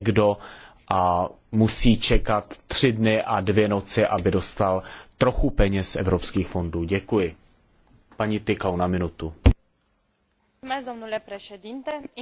někdo a musí čekat tři dny a dvě noci, aby dostal trochu peněz z evropských fondů. Děkuji. Paní Tykau na minutu.